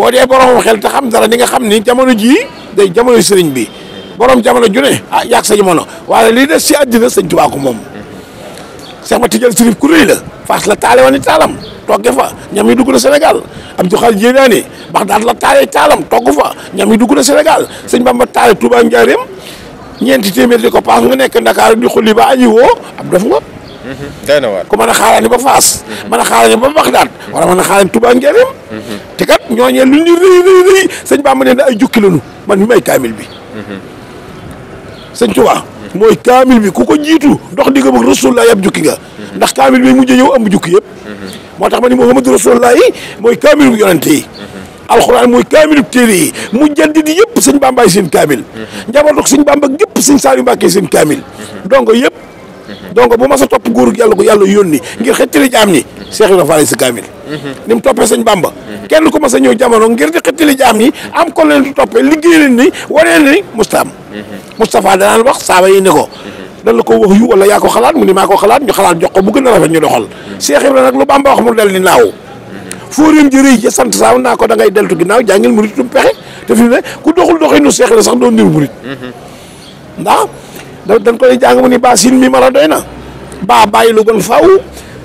bo dé borom xel ta xam dara ni nga xam ni jamono ji day jamono sëriñ bi borom jamono ju ne ah yàgg sa jamono waaye li des ci adina sëñ Tuubaa ko moom Cheikh Matijal Sirif ku reuy la fas la talé woni talam togge fa ñam yi duggu na Sénégal Abdou Khadir Jénaane Baxdaad la talé talam fa ñam yi duggu na Sénégal sëñ Bamba talé Touba ñent di ko nga nekk Dakar di xuli ba aji wo am def nga mhm. day na waar ku mën ba fas mana mhm. ba baghdad wala mana Touba ci kat ñooñee lu ñu rëy rëy rëy sëñ Bàmba nee ay jukki lañu man mi may kaamil bi sëñ Tuubaa mooy kaamil bi ku ko jiitu dox digga bëgg rasulullah yab jukki nga ndax kaamil bi mujj ñëw ëmb jukki yëpp moo tax ma ni Muhammadu rasulullah mooy kaamil bu yonente yi alxuraan mooy kaamilu téere yi mu jaddid yëpp sëñ Bàmbaay seen kaamil njaboot ak sëñ Bàmba gépp sëñ Saaliu Mbàkke seen kaamil donc yëpp donc bu ma sa top nguur yalla ko yalla yoni ngir xëttali jam mhm. ni Cheikh ibrahim Fall kamil nim topé seigne Bamba kenn ku ma sa ñew jamono ngir di xëttali jam ni am ko leen di toppee liggéey leen ni waree ni mustafa da lan wax saaba yi ne ko mhm. dan la ko wax yu wala ya ko xalaat mu ni mako xalaat ñu xalaat jox ko bu gëna rafet ñu doxal mhm. Cheikh ibrahim nak lu Bamba wax mu del ni naaw fóorim ji reuy ci sant saaw na ko da ngay deltu ginaaw jangil murit tum pexé te fi ne ku doxul doxinu Cheikh la sax do ndir murit ndax dang koy jang muni ni ba sin mi mala doyna ba bàyyi lu gon faw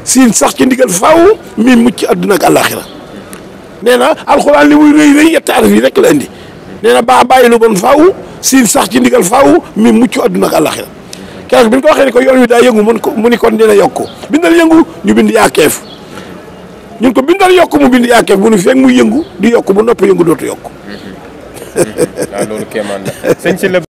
sin sax ci ndigal faw mi mucc aduna ak alakhirah neena alquran li muy reey reey ya araf yi rek la indi neena ba bàyyi lu gon faw sin sax ci ndigal faw mi mucc aduna ak alakhirah keroog bin ko waxe ko yoon wi daa mun ko muni kon dina yokku bindal yëngu ñu bind ya kef ñun ko bindal yokku mu bind ya kef mu ni fek mu yëngu di yokku bu nopp yëngu dootu yokku lolu kemaan la señ ci le